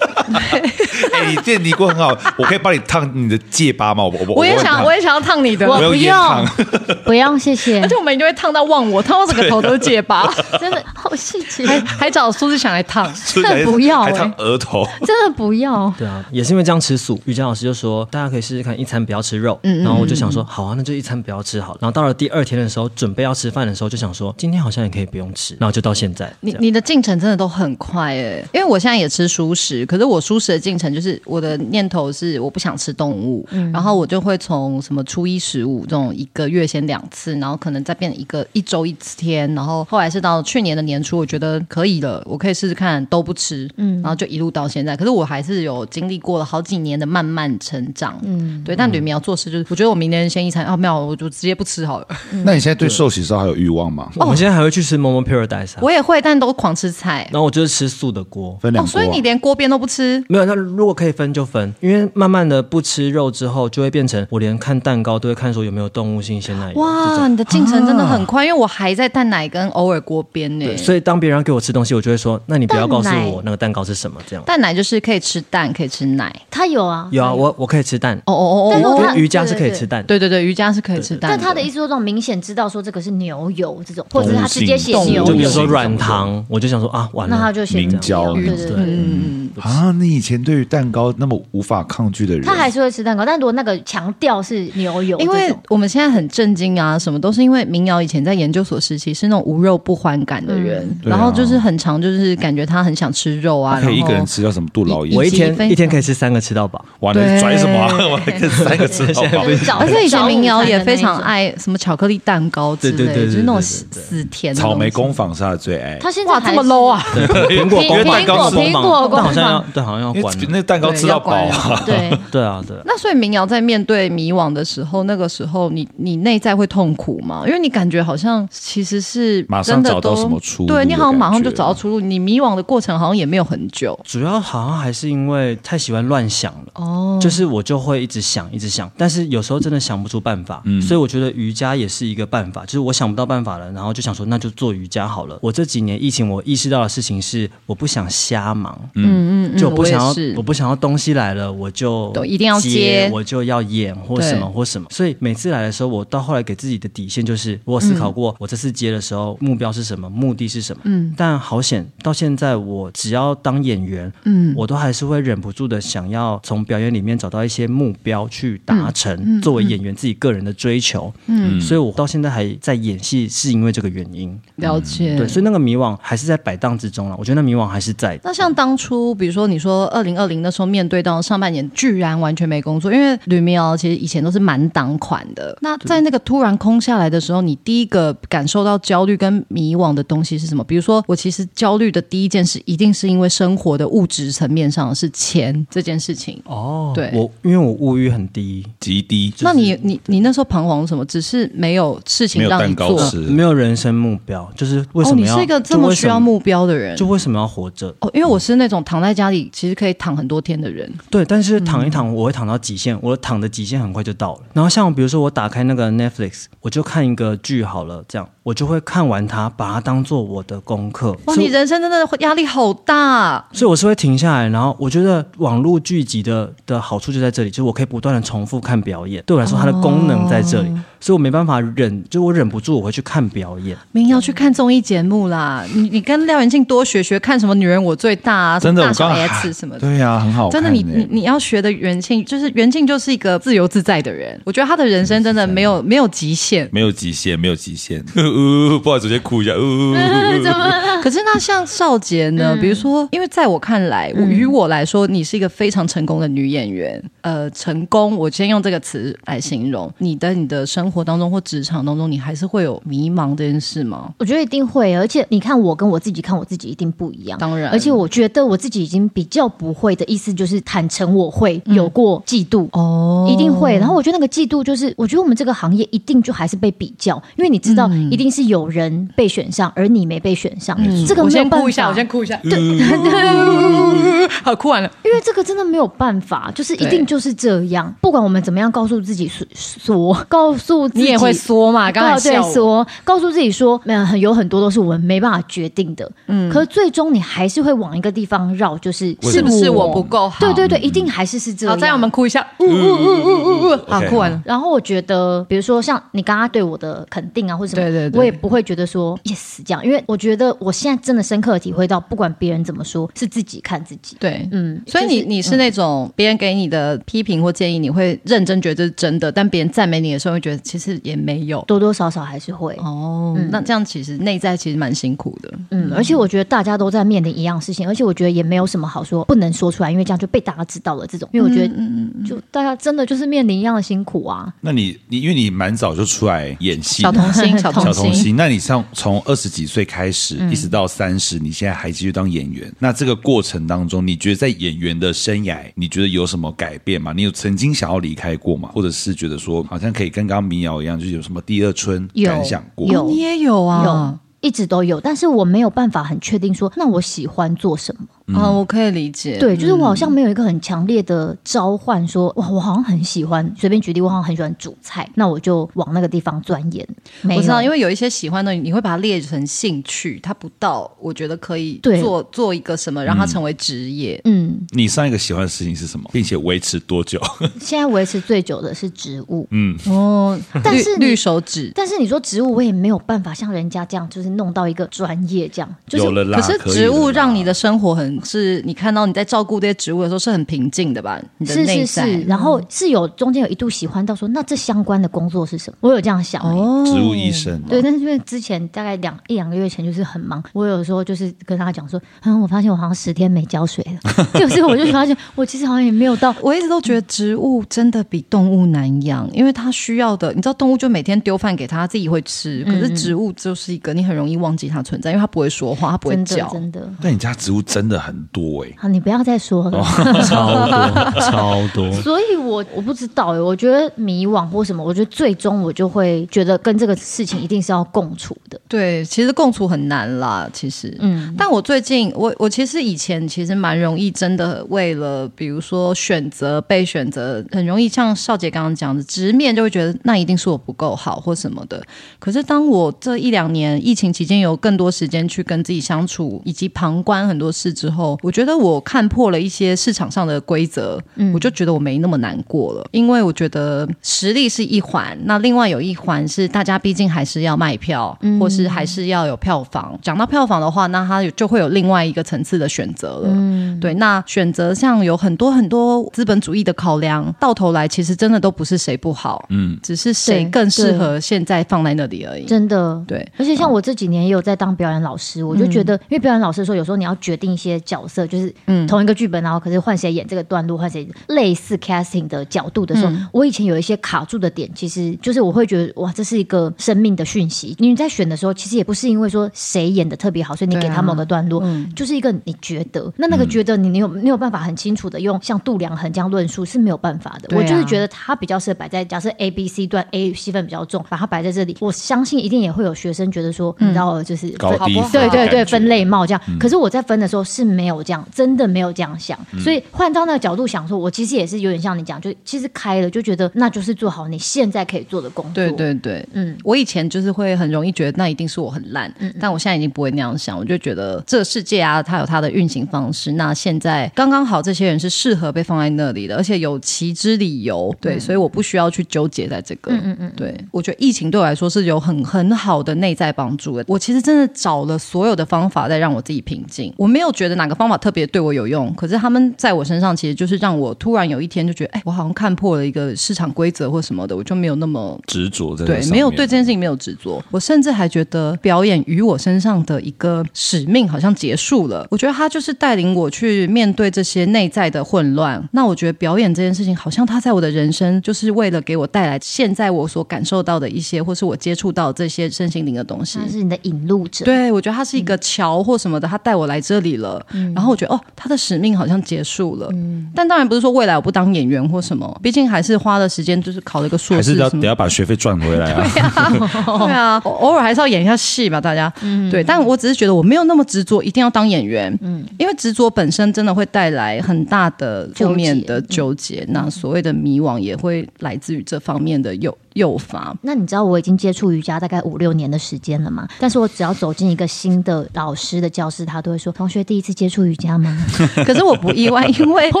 哎、 欸，你這尼姑很好， 我可以幫你燙你的戒疤嗎？我我我也想，我也想要燙你的，我不要， 不要，謝謝。而且我們一定會燙到忘我，燙到整個頭都是戒疤，啊，真的好細節，還還找蘇子祥來燙， 真的不要，欸，還燙額頭，真的不要。對啊，也是因為這樣吃素，瑜伽老師就說大家可以試試看，一餐不要吃肉。嗯，嗯。然後我就想說，好啊，那就一餐不要吃好了。然後到了第二天的時候，準備要吃飯的時候，就想說今天好像也可以不用吃，然後就到現在。你你的進程真的都很快哎，欸，因為我現在也吃蔬食。可是我素食的進程就是我的念頭是我不想吃動物，嗯、然後我就會從什麼初一十五這種一個月先兩次，然後可能再變一個一周一天，然後後來是到去年的年初，我覺得可以了，我可以試試看都不吃，嗯，然後就一路到現在。可是我還是有經歷過了好幾年的慢慢成長，嗯，對。但呂名堯做事就是，我覺得我明年先一餐，哦、啊，沒有，我就直接不吃好了。嗯、那你現在對壽喜燒還有慾望嗎？哦，我們現在還會去吃 Momo Paradise、哦啊、我也會，但都狂吃菜。那我就是吃素的鍋分量、啊哦，所以你連鍋邊。都不吃，沒有。那如果可以分就分，因為慢慢的不吃肉之後，就會變成我連看蛋糕都會看說有沒有動物性鮮奶。哇，你的進程真的很快，啊，因為我還在蛋奶跟偶爾鍋邊呢。所以當別人給我吃東西，我就會說：那你不要告訴我那個蛋糕是什麼這樣。蛋奶就是可以吃蛋，可以吃奶，它有啊，有啊，有啊我我可以吃蛋。哦哦哦哦，但是我覺得瑜伽是可以吃蛋。對對對，對，對，瑜伽是可以吃蛋。但他的意思說，這種明顯知道說這個是牛油這種，或者是他直接寫牛油，油。就比如說軟糖，我就想說啊，完了，明膠。對對對，嗯嗯嗯。啊！你以前對於蛋糕那麼無法抗拒的人，他還是會吃蛋糕。但如果那個強調是牛油，因為我們現在很震驚啊，什麼都是。因為名堯以前在研究所時期是那種無肉不歡感的人，嗯、然後就是很常，就是感覺他很想吃肉啊。嗯、可以一個人吃掉什麼杜老爺？我一天一天可以吃三個，吃到飽。完了，拽什麼、啊？我三個吃到飽、就是。而且以前名堯也非常愛什麼巧克力蛋糕之類的，對對對,對,對,對,對、就是那種死甜的對對對對對草莓工坊是他的最愛。他現在這麼 low 啊？蘋果蘋果蘋果對，好像要管那蛋糕吃到飽。對了對， 對啊，對。 那所以名堯在面對迷惘的時候，那個時候你你內在會痛苦嗎？因為你感覺好像其實是真的都馬上找到什麼出路，對你好像馬上就找到出路，你迷惘的過程好像也沒有很久，主要好像還是因為太喜歡亂想了，哦，就是我就會一直想，一直想，但是有時候真的想不出辦法。嗯，所以我覺得瑜伽也是一個辦法，就是我想不到辦法了，然後就想說那就做瑜伽好了。我這幾年疫情，我意識到的事情是我不想瞎忙，嗯。嗯嗯，嗯，就我不想要，我也是，我不想要東西來了，我就都一定要接，我就要演或什麼或什麼。所以每次來的時候，我到後來給自己的底線就是，我思考過，我這次接的時候、嗯、目標是什麼，目的是什麼。嗯，但好險到現在，我只要當演員，嗯，我都還是會忍不住的想要從表演裡面找到一些目標去達成、嗯，作為演員自己個人的追求。嗯，嗯，所以我到現在還在演戲，是因為這個原因、嗯。了解，對，所以那個迷惘還是在擺盪之中了。我覺得那迷惘還是在。那像當初。比如說，你說二零二零那時候面對到上半年，居然完全沒工作，因為呂名堯其實以前都是滿檔款的。那在那個突然空下來的時候，你第一個感受到焦慮跟迷惘的東西是什麼？比如說，我其實焦慮的第一件事一定是因為生活的物質層面上是錢這件事情。哦，對，我因為我物欲很低，極低。就是、那你你你那時候彷徨什麼？只是沒有事情有，讓你做。沒有人生目標，就是為什麼要、哦？你是一個這麼需要麼需要目標的人，就為什麼要活着？哦，因為我是那種躺在。在家裡其實可以躺很多天的人，對。但是躺一躺，我會躺到極限，我躺的極限很快就到了。然後像比如說，我打開那個 Netflix，我就看一個劇好了，這樣我就會看完它，把它當做我的功課。哇，你人生真的壓力好大。所以我是會停下來，然後我覺得網絡劇集的的好處就在這裡，就是我可以不斷的重複看表演。對我來說，它的功能在這裡。哦。所以我沒辦法忍，就我忍不住我會去看表演，名堯要去看綜藝節目啦。你你跟廖元慶多學學看什麼女人我最大、啊，什麼大小真 S 什麼的，對呀，啊，很好，欸。真的，你你你要學的元慶，就是元慶就是一個自由自在的人。我覺得他的人生真的沒有的沒有極限，沒有極限，沒有極限。不 好，嗯，直接哭一下。嗯、 可是那像劭婕呢？比如說，因為在我看來，於，嗯、我來說，你是一個非常成功的女演員。呃，成功，我先用這個詞來形容你的你的生。生活當中或職場當中，你還是會有迷茫這件事嗎？我覺得一定會，而且你看我跟我自己看我自己一定不一樣。當然，而且我覺得我自己已經比較不會的意思就是坦誠，我會有過嫉妒哦，一定會。然後我覺得那個嫉妒就是，我覺得我們這個行業一定就還是被比較，因為你知道，一定是有人被選上，嗯、而你沒被選上，嗯、這個我先哭一下，我先哭一下，對， 好，哭完了，因為這個真的沒有辦法，就是一定就是這樣，不管我們怎麼樣告訴自己所所告訴。你也會說嘛，剛剛在說，告訴自己說沒有，很有很多都是我們沒辦法決定的，嗯，可是最終你還是會往一個地方繞，就是是不是我不夠好？對對對，一定還是是這樣。嗯嗯、好，再讓我們哭一下，嗚嗚嗚嗚嗚嗚，好、哭完了。嗯嗯 okay. 然後我覺得，比如說像你剛剛對我的肯定啊，或者什麼，對對對，我也不會覺得說 yes 這樣，因為我覺得我現在真的深刻的體會到，不管別人怎麼說，是自己看自己。對，嗯，所以你、就是、你是那種別人給你的批評或建議，你會認真覺得這是真的，但別人讚美你的時候，會覺得。其實也沒有，多多少少還是會哦、嗯。那這樣其實內在其實蠻辛苦的，嗯。而且我覺得大家都在面臨一樣事情、嗯，而且我覺得也沒有什麼好說，不能說出來，因為這樣就被大家知道了。這種，嗯、因為我覺得，就大家真的就是面臨一樣的辛苦啊。那你你因為你蠻早就出來演戲，小童星，小童星。那你像從二十幾歲開始、嗯，一直到三十，你現在還繼續當演員？那這個過程當中，你覺得在演員的生涯，你覺得有什麼改變嗎？你有曾經想要離開過嗎？或者是覺得說好像可以跟剛剛明。鳥一樣，就有什麼第二春？感想過？有，有，你也有啊。有一直都有，但是我沒有辦法很確定說，那我喜歡做什麼？啊，我可以理解。對，就是我好像沒有一個很強烈的召喚，說哇，我好像很喜歡。隨便舉例，我好像很喜歡煮菜，那我就往那個地方鑽研。沒有。我知道，因為有一些喜歡的，你會把它列成興趣，它不到，我覺得可以做做一個什麼，讓它成為職業。嗯，你上一個喜歡的事情是什麼？並且維持多久？現在維持最久的是植物。嗯，哦，但是綠、綠手指。但是你說植物，我也沒有辦法像人家這樣，就是。弄到一個專業，這樣就是。可是植物讓你的生活很是你看到你在照顧這些植物的時候是很平靜的吧？你的內在。是是是。然後是有中間有一度喜歡到說，那這相關的工作是什麼？我有這樣想、欸。哦。植物醫生。對，但是因為之前大概兩一兩個月前就是很忙，我有時候就是跟他講說，嗯，我發現我好像十天沒澆水了，就 是我就發現我其實好像也沒有到， 我一直都覺得植物真的比動物難養，因為它需要的，你知道動物就每天丟飯給它，它自己會吃，可是植物就是一個你很。容易忘記它存在，因為它不會說話，它不會叫。真的，真的，但你家植物真的很多哎、欸！好， 你不要再說了、哦，超多，超多。所以我我不知道哎、欸，我覺得迷惘或什麼，我覺得最終我就會覺得跟這個事情一定是要共處的。對，其實共處很難啦，其實。嗯，但我最近，我我其實以前其實蠻容易，真的為了比如說選擇被選擇，很容易像劭婕剛剛講的，直面就會覺得那一定是我不夠好或什麼的。可是當我這一兩年疫情，期間有更多時間去跟自己相處，以及旁觀很多事之後，我覺得我看破了一些市場上的規則，嗯，我就覺得我沒那麼難過了，因為我覺得實力是一環，那另外有一環是大家畢竟還是要賣票，或是還是要有票房。嗯，講到票房的話，那它就會有另外一個層次的選擇了，嗯，對。那選擇像有很多很多資本主義的考量，到頭來其實真的都不是誰不好，嗯，只是誰更適合現在放在那裡而已。真的，對。而且像我這。幾年也有在當表演老師、嗯，我就覺得，因為表演老師說，有時候你要決定一些角色，就是同一個劇本，然後可是換誰演這個段落，換誰類似 casting 的角度的時候、嗯，我以前有一些卡住的點，其實就是我會覺得哇，這是一個生命的訊息。你在選的時候，其實也不是因為說誰演得特別好，所以你給他某個段落，啊、就是一個你覺得、嗯、那那個覺得你你有沒有辦法很清楚的用像度量衡這樣論述是沒有辦法的、啊。我就是覺得他比較適合擺在假設 A B C 段 A 戲份比較重，把它擺在這裡，我相信一定也會有學生覺得說。然、嗯、後就是好不好？對對對，分類帽這樣。可是我在分的時候是沒有這樣，嗯、真的沒有這樣想。嗯、所以換到那個角度想說，我其實也是有點像你講，就其實開了就覺得那就是做好你現在可以做的工作。對對對，嗯，我以前就是會很容易覺得那一定是我很爛、嗯，但我現在已經不會那樣想，我就覺得這世界啊，它有它的運行方式。那現在剛剛好，這些人是適合被放在那裡的，而且有其之理由。對，嗯、所以我不需要去糾結在這個。嗯，嗯嗯，對，我覺得疫情對我來說是有很很好的內在幫助。我其實真的找了所有的方法在讓我自己平靜，我沒有覺得哪個方法特別對我有用，可是他們在我身上其實就是讓我突然有一天就覺得，哎、欸，我好像看破了一個市場規則或什麼的，我就沒有那麼執着。對，沒有，對這件事情沒有執着，我甚至還覺得表演於我身上的一個使命好像結束了。我覺得他就是帶領我去面對這些內在的混亂。那我覺得表演這件事情，好像它在我的人生就是為了給我帶來現在我所感受到的一些，或是我接觸到這些身心靈的東西。的引路者，對，我覺得他是一個橋或什麼的，嗯、他帶我來這裡了，嗯。然後我覺得，哦，他的使命好像結束了，嗯。但當然不是說未來我不當演員或什麼，畢竟還是花了時間，就是考了一個碩士，還是得要等要把學費賺回來，啊。對 對啊， 對啊偶爾還是要演一下戲吧，大家，嗯。對，但我只是覺得我沒有那麼執着，一定要當演員。嗯、因為執着本身真的會帶來很大的負面的糾結，糾結，嗯、那所謂的迷惘也會來自於這方面的有誘發。那你知道我已經接觸瑜伽大概五六年的時間了嗎？但是我只要走進一個新的老師的教室，他都會說：“同學第一次接觸瑜伽嗎？” 可是我不意外，因為不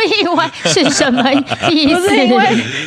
意外是什麼意思？ 因為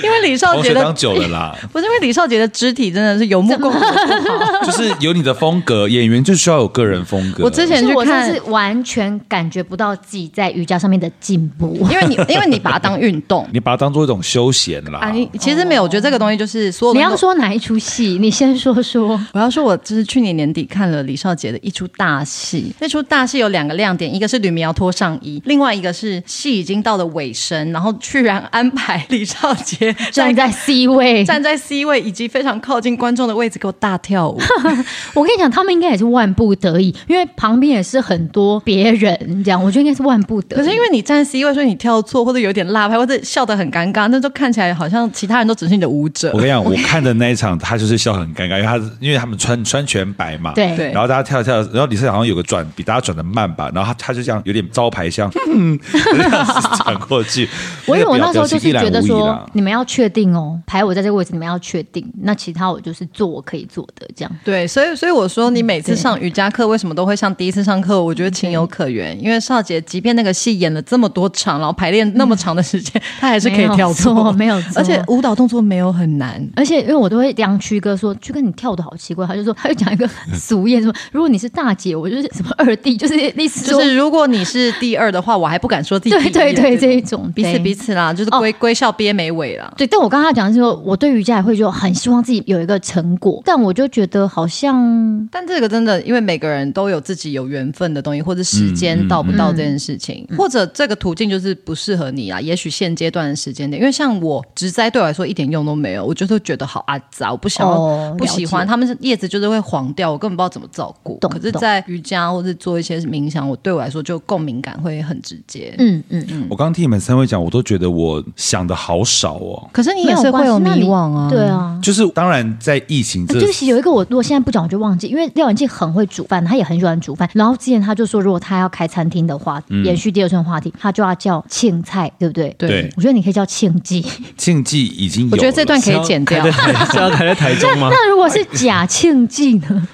因為李劭婕同學當久了啦，不是因為李劭婕的肢體真的是有目共睹， 就是有你的風格。演員就需要有個人風格。 我之前去看，是，我是完全感覺不到自己在瑜伽上面的進步， 因為你因為你把它當運動，你把它當做一種休閒啦。你、哎，其實沒有，oh. 我覺得這個東西就是說。你要說哪一出戲？你先說說。我要說，我就是去年年底看了李劭婕的一出大戲。那出大戲有兩個亮點，一個是呂名堯脫上衣，另外一個是戲已經到了尾聲，然後居然安排李劭婕站在 C 位，站在 C 位，以及非常靠近觀眾的位置給我大跳舞。 我跟你講，他們應該也是萬不得已，因為旁邊也是很多別人這樣，我覺得應該是萬不得已。可是因為你站 C 位，所以你跳錯或者有點落拍，或者笑得很尷尬，那就看起來好像其他人都只是你的舞者。 我看的那一場，他就是笑很尷尬，因為他因為他們穿穿全白嘛，對，然後大家跳跳，然後李思好像有個轉，比大家轉得慢吧，然後他他就這樣有點招牌像。嗯，轉過去。我因為我那時候就是覺得說，你們要確定哦，排我在這個位置，你們要確定，那其他我就是做我可以做的這樣。對，所以所以我說，你每次上瑜伽課，為什麼都會像第一次上課？我覺得情有可原，因為劭婕即便那個戲演了這麼多場，然後排練那麼長的時間，他、嗯、還是可以跳錯，沒有，沒有，而且舞蹈動作沒有很難。而且，因為我都會跟曲哥說，曲哥你跳的好奇怪。他就說，他就講一個俗諺，說如果你是大姐，我就是什麼二弟，就是意思就是如果你是第二的話，我還不敢說自己。對對對，這一種彼此彼此啦，就是歸歸笑鱉無尾啦。對，但我剛剛講的時候，我對瑜伽也會就很希望自己有一個成果，但我就覺得好像，但這個真的，因為每個人都有自己有緣分的東西，或者時間到不到這件事情，嗯嗯嗯、或者這個途徑就是不適合你啊。也許現階段的時間點，因為像我植栽對我來說一點用都沒有，我就是覺。覺得好阿、啊、雜，我不想要，不喜歡，哦、他們是葉子就是會黃掉，我根本不知道怎麼照顧。可是在瑜伽或者做一些冥想，我對我來說就共鳴感會很直接。嗯嗯嗯，我剛剛聽你們三位講，我都覺得我想的好少哦、啊。可是你也有關會有迷惘啊，對啊，就是當然在疫情這、啊，就是有一個我，我現在不講我就忘記，因為廖文靜很會煮飯，他也很喜歡煮飯。然後之前他就說，如果他要開餐廳的話、嗯，延續第二頓話題，他就要叫慶菜，對不對？對，我覺得你可以叫慶記，慶記已經有。我覺得這段可以剪掉。 對，是要台在台上抬嗎？ 那，那如果是假慶忌呢？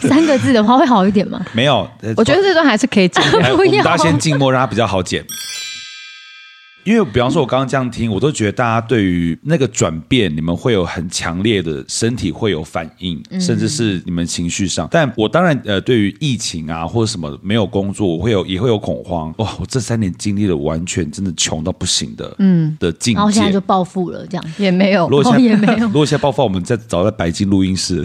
三個字的話會好一點嗎？ 沒有，我覺得這段還是可以剪 沒有， 我們大家先靜默讓它比較好剪。 因為比方說，我剛剛這樣聽、嗯，我都覺得大家對於那個轉變，你們會有很強烈的身體會有反應，嗯、甚至是你們情緒上。但我當然呃，對於疫情啊或者什麼沒有工作，我會有也會有恐慌。哇、哦，我這三年經歷了完全真的窮到不行的，嗯的境界，然後現在就暴富了，這樣也沒有，也沒有，如果現在暴富、哦，我們再找到白金錄音室，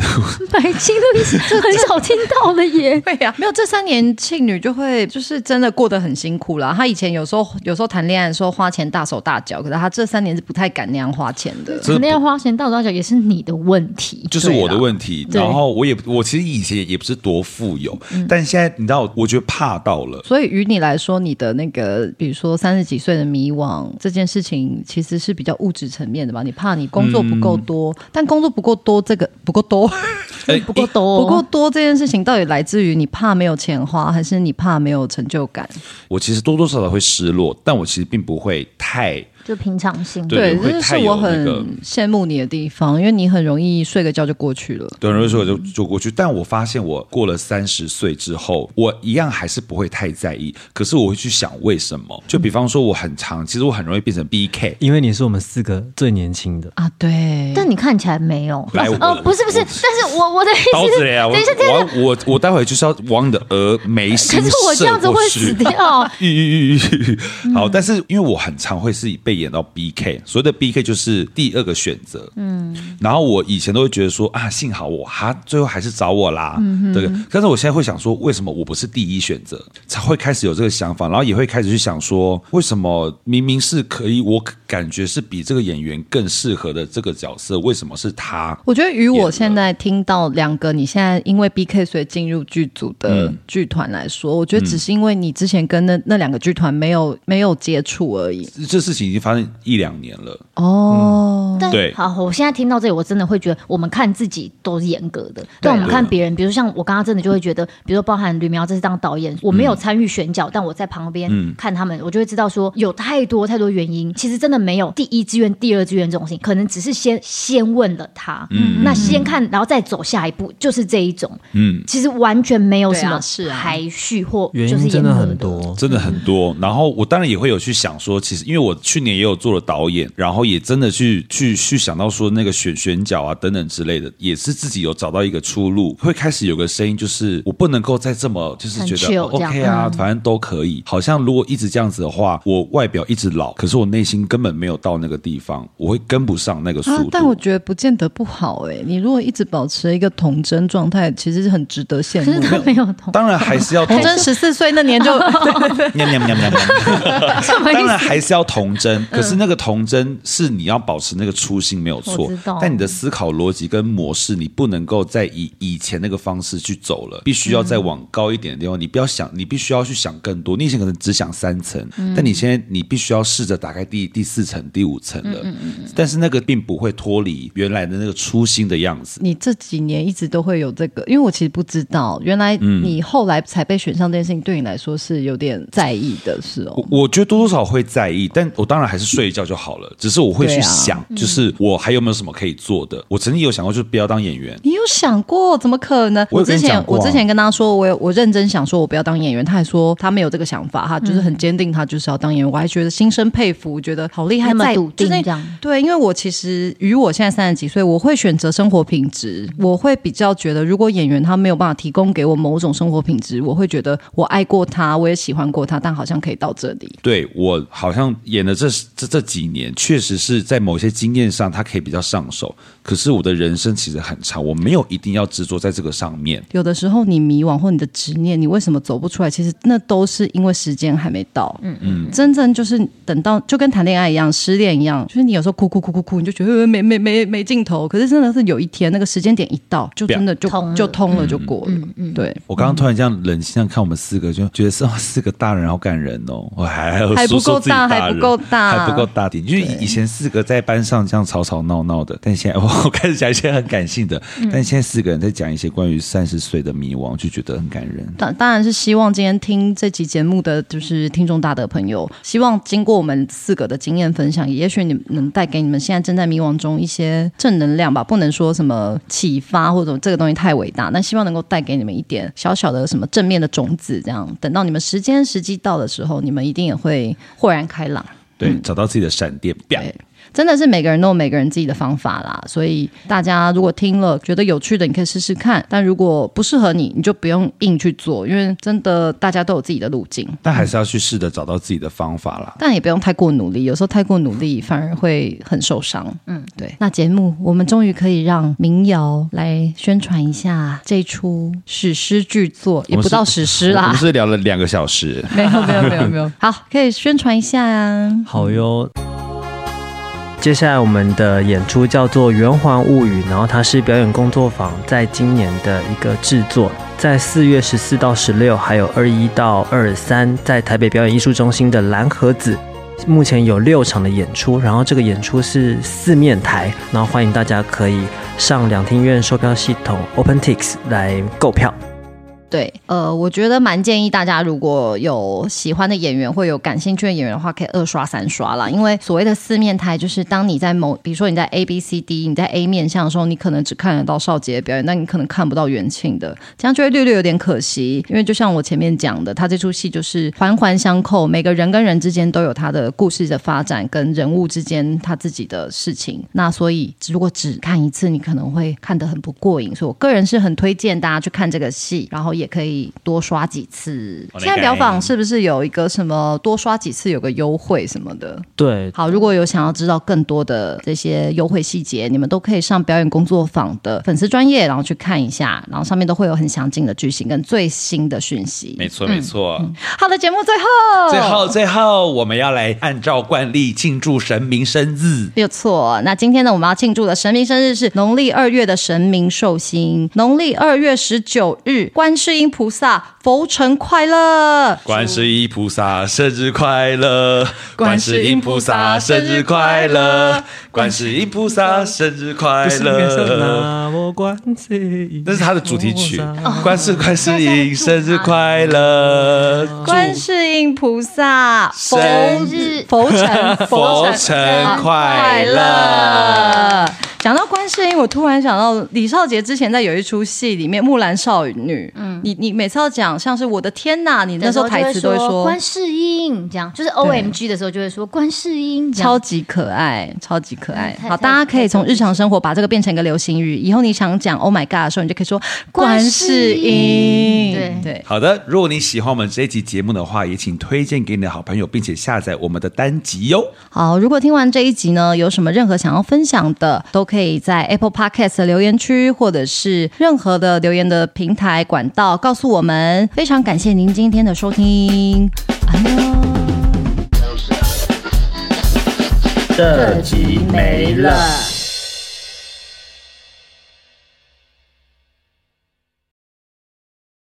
白金錄音室 就很少聽到了耶，也、 啊、沒有這三年慶女就會就是真的過得很辛苦了。她以前有時候有時候談戀愛的時候花錢大手大腳，可是他這三年是不太敢那樣花錢的。肯那樣花錢大手大腳，也是你的問題，就是我的問題。然後我也，我其實以前也不是多富有，嗯、但現在你知道，我覺得怕到了。所以，與你來說，你的那個，比如說三十幾歲的迷惘這件事情，其實是比較物質層面的吧？你怕你工作不夠多、嗯，但工作不夠多，這個不夠多。 哎、欸，不夠多、哦、不夠多這件事情，到底來自於你，你、欸、你怕沒有錢花，還是你怕沒有成就感？我其實多多少少會失落，但我其實並不會太。就平常心，對，這、那個、是我很羨慕你的地方，因為你很容易睡個覺就過去了。對，容易睡就就過去、嗯。但我發現我過了三十歲之後，我一樣還是不會太在意。可是我會去想為什麼？就比方說，我很常，其實我很容易變成 B K，、嗯、因為你是我們四個最年輕的啊。對，但你看起來沒有、啊、來我、呃，不是不是，但是我我的意思是子、啊，等一下，我我我，我待會就是要往你的沒死，可是我這樣子會死掉。 好，但是因為我很常會是以被。演到 B K，所謂的 B K 就是第二個選擇。嗯，然後我以前都會覺得說啊，幸好我哈最後還是找我啦。嗯，對。但是我現在會想說，為什麼我不是第一選擇？才會開始有這個想法，然後也會開始去想說，為什麼明明是可以，我感覺是比這個演員更適合的這個角色，為什麼是他？我覺得與我現在聽到兩個你現在因為 B K 所以進入劇組的劇團來說、嗯，我覺得只是因為你之前跟那那兩個劇團沒有沒有接觸而已、嗯嗯。這事情。已經。發生一兩年了哦，嗯、對但，好，我現在聽到這裡，我真的會覺得我們看自己都是嚴格的，但我們看別人，啊，比如說像我剛剛真的就會覺得，比如說包含呂名堯，這是當導演，我沒有參與選角，嗯，但我在旁邊看他們，我就會知道說有太多太多原因，其實真的沒有第一志願、第二志願這種事情，可能只是先先問了他嗯嗯。那先看，然後再走下一步，就是這一種，嗯，其實完全沒有什麼排序或就是原因真的很多，真的很多，然後我當然也會有去想說，其實因為我去年。也有做了導演，然後也真的去去去想到說那個選選角啊等等之類的，也是自己有找到一個出路，會開始有個聲音，就是我不能夠再這麼就是覺得 chill、哦、OK 啊、嗯，反正都可以。好像如果一直這樣子的話，我外表一直老，可是我內心根本沒有到那個地方，我會跟不上那個速度。啊、但我覺得不見得不好哎、欸，你如果一直保持一個童真狀態，其實是很值得羨慕。沒有童真，當然還是要童真。哦、十四歲那年就喵喵喵當然還是要童真。可是那個童真是你要保持那個初心沒有錯，但你的思考邏輯跟模式你不能夠再以以前那個方式去走了，必須要再往高一點的地方。你不要想，你必須要去想更多。你以前可能只想三層，嗯，但你現在你必須要試着打開第第四層、第五層了，嗯嗯嗯。但是那個並不會脫離原來的那個初心的樣子。你這幾年一直都會有這個，因為我其實不知道原來你後來才被選上這件事情，對你來說是有點在意的、嗯，是哦。我、我覺得多多少會在意，但我當然還，還是睡一覺就好了。只是我會去想，啊嗯、就是我還有沒有什麼可以做的？我曾經有想過，就是不要當演員。你有想過？怎麼可能？我、啊、我之前我之前跟他說，我也我認真想說，我不要當演員。他還說他沒有這個想法哈，就是很堅定，他就是要當演員。嗯、我還覺得心生佩服，覺得好厲害嘛，那這樣就那樣對。因為我其實與我現在三十幾歲，我會選擇生活品質。我會比較覺得，如果演員他沒有辦法提供給我某種生活品質，我會覺得我愛過他，我也喜歡過他，但好像可以到這裡。對，我好像演的這。這這幾年確實是在某些經驗上，他可以比較上手。可是我的人生其實很長，我沒有一定要執着在這個上面。有的時候你迷惘或你的執念，你為什麼走不出來？其實那都是因為時間還沒到。嗯嗯，真正就是等到就跟談戀愛一樣，失戀一樣，就是你有時候哭哭哭哭哭，你就覺得沒沒沒沒盡頭。可是真的是有一天那個時間點一到，就真的就通就通了，嗯、就過了、嗯嗯。對，我剛剛突然這樣冷靜這樣看我們四個，就覺得是四個大人好感人哦。我、哎、還還不夠大還不夠大。還不夠大還不夠大點，就是以前四個在班上這樣吵吵鬧鬧的，但現在我開始講一些很感性的、嗯，但現在四個人在講一些關於三十歲的迷惘，就覺得很感人。當當然是希望今天聽這集節目的就是聽眾大德朋友，希望經過我們四個的經驗分享，也許你能帶給你們現在正在迷惘中一些正能量吧。不能說什麼啟發或者這個東西太偉大，但希望能夠帶給你們一點小小的什麼正面的種子，這樣等到你們時間時機到的時候，你們一定也會豁然開朗。對，找到自己的閃電，啪！真的是每個人都有每個人自己的方法啦，所以大家如果聽了覺得有趣的，你可以試試看。但如果不適合你，你就不用硬去做，因為真的大家都有自己的路徑，但還是要去試着找到自己的方法啦、嗯。但也不用太過努力，有時候太過努力反而會很受傷。嗯，對。那節目我們終於可以讓名堯來宣傳一下這出史詩巨作，也不到史詩啦，我們是，我們是聊了兩個小時， 沒有，沒有，沒有，沒有。好，可以宣傳一下呀、啊。好喲。接下來我們的演出叫做《圓環物語》，然後它是表演工作坊在今年的一個製作，在四月十四到十六，還有二一到二三，在台北表演藝術中心的藍盒子，目前有六場的演出，然後這個演出是四面台，然後歡迎大家可以上兩廳院售票系統 OpenTix 來購票。對，呃，我覺得蠻建議大家，如果有喜歡的演員，或有感興趣的演員的話，可以二刷三刷啦。因為所謂的四面台，就是當你在某，比如說你在 A B C D，你在 A 面向的時候，你可能只看得到劭婕的表演，那你可能看不到袁慶的，這樣就會略略有點可惜。因為就像我前面講的，他這出戲就是環環相扣，每個人跟人之間都有他的故事的發展，跟人物之間他自己的事情。那所以如果只看一次，你可能會看得很不過癮。所以我個人是很推薦大家去看這個戲，然後也。也可以多刷幾次，現在表坊是不是有一個什麼多刷幾次有個優惠什麼的？對，好，如果有想要知道更多的這些優惠細節，你們都可以上表演工作坊的粉絲專頁，然後去看一下，然後上面都會有很詳盡的劇情跟最新的訊息。沒錯，沒錯。嗯嗯、好的，節目最後，最後，最後，我們要來按照慣例慶祝神明生日，沒有錯。那今天呢，我們要慶祝的神明生日是農曆二月的神明壽星，農曆二月十九日觀世。觀音菩薩，佛成快樂。觀世音菩薩，生日快樂。觀世音菩薩，生日快樂。觀世音菩薩，生日快樂。觀世音菩薩，生日快樂。那是，是他的主題曲。觀世觀世音生日快樂。觀，世觀世音菩薩，佛成快樂。啊講到觀世音，我突然想到李劭婕之前在有一出戲裡面《木蘭少女》，嗯，你你每次要講像是我的天哪、啊，你那時候台詞都說觀世音，這樣就是 OMG 的時候就會說觀世音，超級可愛，超級可愛。好，大家可以從日常生活把這個變成一個流行語，以後你想講 Oh my God 的時候，你就可以說觀世音。世音對對。好的，如果你喜歡我們這一集節目的話，也請推薦給你的好朋友，並且下載我們的單集喲。好，如果聽完這一集呢，有什麼任何想要分享的都可。可以在 Apple Podcast 的留言區，或者是任何的留言的平台管道告訴我們。非常感謝您今天的收聽，阿、啊、諾。這集沒了。